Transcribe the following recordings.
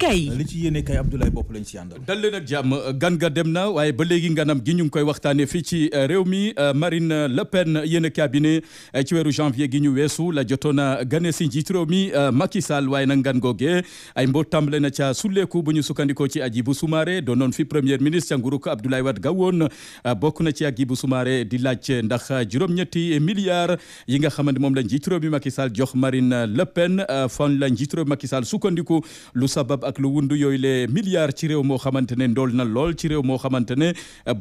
kay li ci yéene kay Abdoulaye Bopp lañ ci àndal. dal leen ak jàmm gan ga dem na waaye ba léegi nganam gi ñu ngi koy waxtaanee fii ci euh, réew mi euh, Marine Le Pen yéen a cabinet euh, ci weeru janvier gi ñu weesu la jotoon a gane si njiit réew mi Macky Sall waaye nag ngan googee ay tamb tàmbale na ca sulleeku bu ñu sukkandikoo ci Hadjibou Soumaré doonoon fi premier ministre ca nguurug Abdoulaye Wade gawoon woon bokk na ci Hadjibou sumaare di laaj ndax juróom-ñetti milliards yi nga xamante moom la njiit réew mi Macky Sall jox Marine Le Pen fan la njiit réew mi Macky ak lu wundu yooyu les milliards ci réew moo xamante ne ndool na lool ci réew moo xamante ne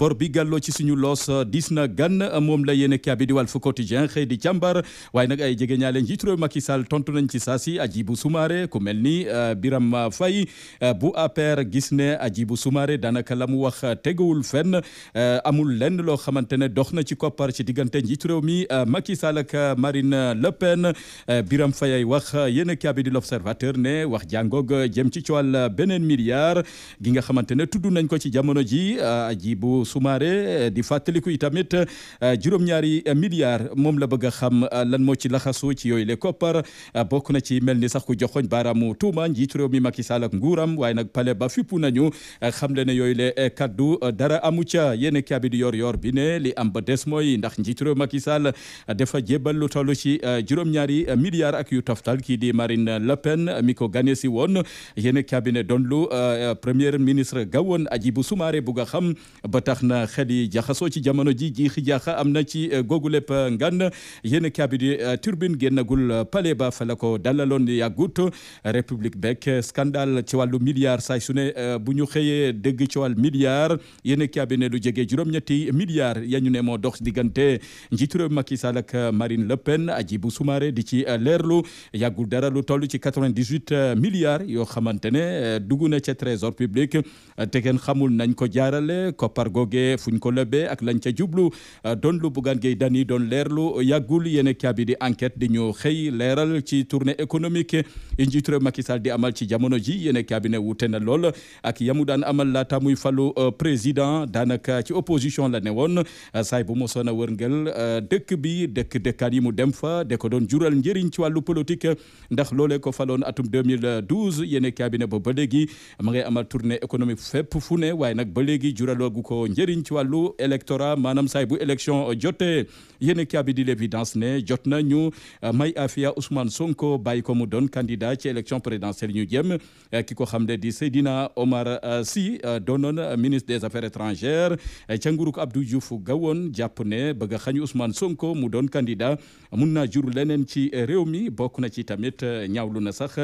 bor bi gàlloo ci suñu loos dis na gan moom la yéen a bi di Walf Quotidien xëy di càmbar waaye nag ay jege ñaale njiitu réew Macky Sall tontu nañ ci saa si Hadjibou Soumaré ku mel ni euh, Birame Faye euh, bu APR gis ne Hadjibou Soumaré daanaka la mu wax teguwul fen euh, amul lenn loo xamante ne dox na ci koppar ci diggante njiitu réew mi Macky Sall ak Marine Le Pen Birame Faye ay wax yéen a bi wala beneen milliard gi nga xamante ne tudd nañ ko ci jamono ji Hadjibou euh, Soumaré euh, di fàttaliku itamit euh, juróom-ñaari milliard moom la bëgg a xam lan moo ci laxasu ci yooyu le koppar bokk na ci mel ni sax ku joxoñ baaraamu tuuma njiitu mi Macky Sall ak nguuram waaye nag pale ba fippu nañu xam le ne yooyu le kaddu dara amu ca yéen kaabi di bi ne li am ba des mooy ndax njiitu réew Macky Sall dafa jébal lu toll ci juróom-ñaari milliard ak yu toftal kii di Marine Le mi ko gane si woon cabinet Donlu euh, euh, premier ministre ga woon Hadjibou Soumaré bu nga xam ba tax na xel yi jaxasoo ci jamono ji jiixi jaaxa am na ci euh, googu lépp ngan yéen cabinet turbine génnagul palais ba fa la ko dalaloon yàggut république bek scandale ci wàllu milliard say su ne bu ñu xëyee dégg ci wàllu milliard yéen cabinet lu jege juróom-ñetti milliard ya ñu ne moo dox diggante njiitu réew Macky Sall ak Marine Le Pen Hadjibou Soumaré di ci leerlu yàggul dara lu toll ci 98 milliards yoo xamante xamante ne euh, dugg na ca trésor public euh, te kenn xamul nañ ko jaarale koppar googe fuñ ko lebe ak lañ ca jublu euh, doon lu Bougane Gueye Dany doon leerlu yàggul yéen kaabi di enquête di ñu xëy leeral ci tournée économique yi njiitu réew di amal ci jamono ji yéen kaabi ne wute na lool ak yamu daan amal laata muy falu président daanaka ci opposition la ne woon saay bu mosoon a wërngel dëkk bi dëkk dëkkaan yi mu dem fa de ko doon jural njëriñ ci wàllu politique ndax loolee ko faloon ne ba ba léegi ma ngay amal tournée économique fépp fu ne waaye nag ba léegi juraloogu ko njëriñ ci wàllu électorat maanaam saay bu élection jotee yéen a bi di l'évidence ne jot nañu euh, may afia Ousmane Sonko bàyyi ko mu doon candidat ci élection présidentielle ñu jëm euh, ki ko xam ne di Seydina Omar euh, Sy doonoon ministre des affaires étrangères ca nguurug Abdou Diouf gawoon jàpp ne bëgg a xañ Ousmane Sonko mu doon candidat mun na jur leneen ci réew mi bokk na ci tamit ñaawlu na sax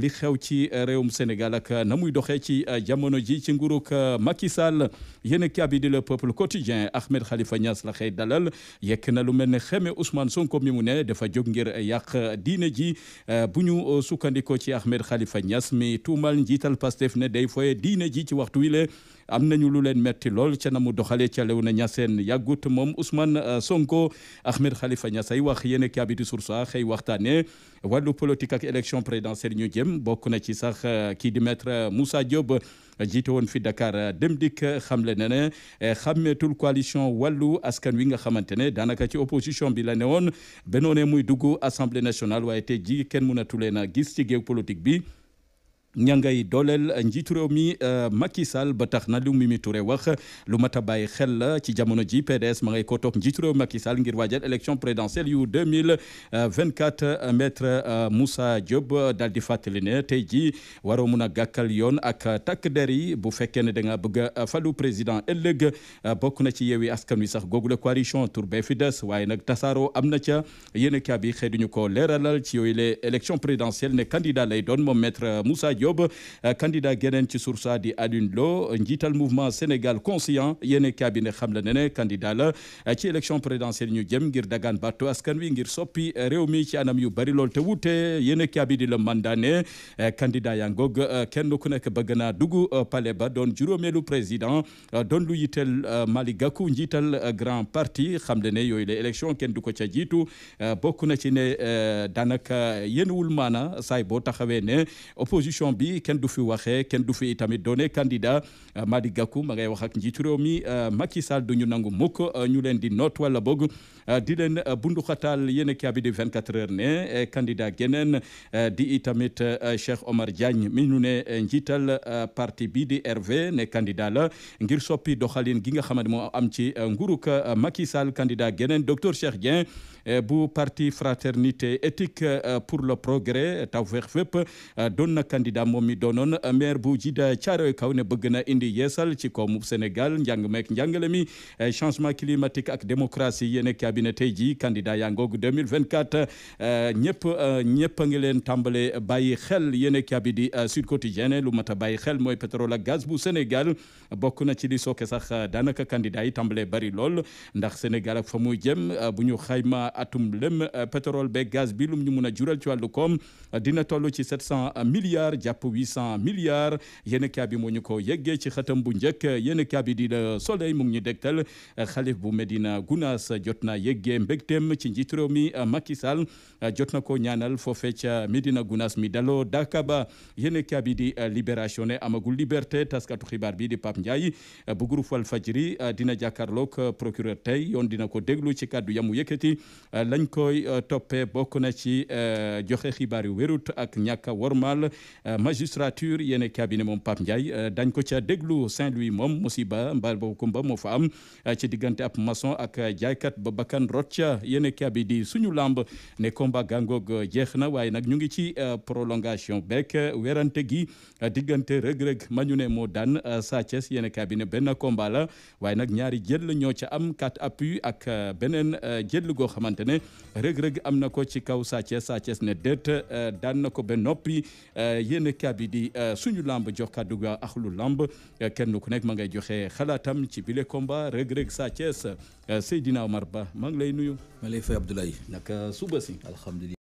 li xew ci réewum Sénégal ak na muy doxee ci euh, jamono ji ci nguurug euh, Macky Sall yéen a kii di le peuple quotidien Ahmed Khalifa Niass la xëy dalal yekk na lu mel ne xeme Ousmane Sonko mi mu ne dafa jog ngir yàq diine ji euh, bu ñu sukkandikoo ci Ahmed Khalifa Niass mi tuumal njiital Pastef ne day foye diine ji ci waxtu wi am nañu lu leen metti lool ca na mu doxalee ca Léona Niassène yàggut moom Ousmane euh, Sonko Ahmed Khalifa Niass ay wax yéen a kii abitu sur saa xëy waxtaanee wàllu politique ak élection présidentielle ñu jëm bokk na ci sax euh, kii di maître euh, Moussa Diop. jiite woon fi Dakar dem dikk xamle ne ne xàmmeetul coalition wallu askan wi nga xamante ne daanaka ci opposition bi la ne woon be ne muy dugg assemblée nationale waaye tey ji kenn mënatu leen a gis ci géew politique bi. ña ngay dooleel njiitu réew mi euh, Macky Sall ba tax na lu Mimi Touré wax lu mat a bàyyi xel la ci jamono ji PDS ma ngay ko toog njiitu réew Macky Sall ngir waajal élection présidentielle yu 2024 euh, euh, maître Moussa Diop daal di fàttali ne tey ji waroo mun a gàkkal yoon ak takk der yi bu fekkee ne da nga bëgg a falu président ëllëg bokk na ci yeewi askan wi sax googu la coalition tur bee fi des waaye nag tasaaroo am na ca yéen bi xëy duñu ko leeralal ci yooyu les élection présidentielle ne candidat lay doon moom maître Moussa Diop euh, candidat geneen ci sursa di Alioune Lo njiital mouvement Sénégal conscient yéene cabinet xam la ne ne la euh, ci élection présidentielle ñu jëm ngir dagaan battu askan wi ngir soppi euh, réew mi ci anam yu bari lool te wute yéene cabinet di la mandane candidat yaa ngoog kenn ku nekk bëgg naa dugg palais ba doon juróomeelu président doon lu yitteel Malick gaku njiital grand parti xam le ne yooyu la élection kenn du ko ca jiitu bokk na ci ne daanaka yéen wul maana saay boo taxawee ne élection bi kenn du fi waxe kenn du fi tamit donné candidat euh, Madi Gakou ma ngay wax ak njiitu réew mi euh, Macky Sall du ñu nangu mukk euh, ñu leen di noot wala boog di leen bunduxatal yéen kii bi di 24 heures ne candidat geneen di itamit Cheikh Omar Diagne mi ñu ne njiital parti bi di RV ne candidat la ngir soppi doxalin gi nga xamante moo am ci nguruk Macky Sall candidat geneen docteur Cheikh Dieng bu parti fraternité éthique pour le progrès Tawfekh Fépp doon na candidat Sylla moom mi doonoon euh, maire bu Djida Thiaroye Kaw ne bëgg na indi yeesal ci koomu Sénégal njàng meek njàngale mi euh, changement climatique ak démocratie yéen cabinet tey ji candidat yaa ngoog 2024 ñëpp ñëpp a ngi leen tàmbale bàyyi xel yéen cabinet di euh, Sud Quotidien lu mat a bàyyi xel mooy pétrole ak gaz bu Sénégal bokk na ci li sooke sax daanaka candidat yi tàmbale bari lool ndax Sénégal ak fa muy jëm bu ñu xayma atum lem pétrole beeg gaz bi lum ñu mun a jural ci wàllu kom dina toll ci jàpp 800 milliards yéen kaa bi moo ñu ko yeggee ci xatam bu njëkk yéen kaa bi di la soleil mu ngi ñu dégtal xalif bu Medina gunaas jot na yeggee mbégteem ci njiitu réew mi Macky Sall jot na ko ñaanal foofee ca Medina gunaas mi daloo Dakar ba yéen kaa bi di libération ne amagul liberté taskatu xibaar bi di Pape Ndiaye bu groupe Walfadjri dina jàkkaarloog procureur tey yoon dina ko déglu ci kàddu yamu yëkkati lañ koy toppee bokk na ci eh, joxe xibaar yu wérut ak ñàkk wormaal magistrature yéen cabinet moom Pape Ndiaye euh, dañ ko ca déglu Saint-Louis moom musiba mbaal boobu kumba moo fa am euh, ci diggante ab maçon ak jaaykat ba bakkan rot ca yéen cabinet di suñu lamb ne combat gàngoog euh, jeex na waaye nag ñu ngi ci prolongation beeg werante gi diggante rëg-rëg ma ne moo daan Sa Thiès yéen cabinet benn combat waaye nag ñaari jël ñoo ca am quatre appui ak beneen jël goo xamante ne rëg-rëg am na ko ci kaw Sa Thiès Sa Thiès ne déet daan na ko ba noppi yéen yéen kaabi di euh, suñu lamb jox kàddu ga ak lu lamb euh, kenn ku nekk ma ngay joxe xalaatam ci bile combat Reug Reug Sa Thiès euh, Seydina Omar Ba maa ngi lay nuyu. ma lay fay Abdoulaye. naka suba si. alhamdulilah.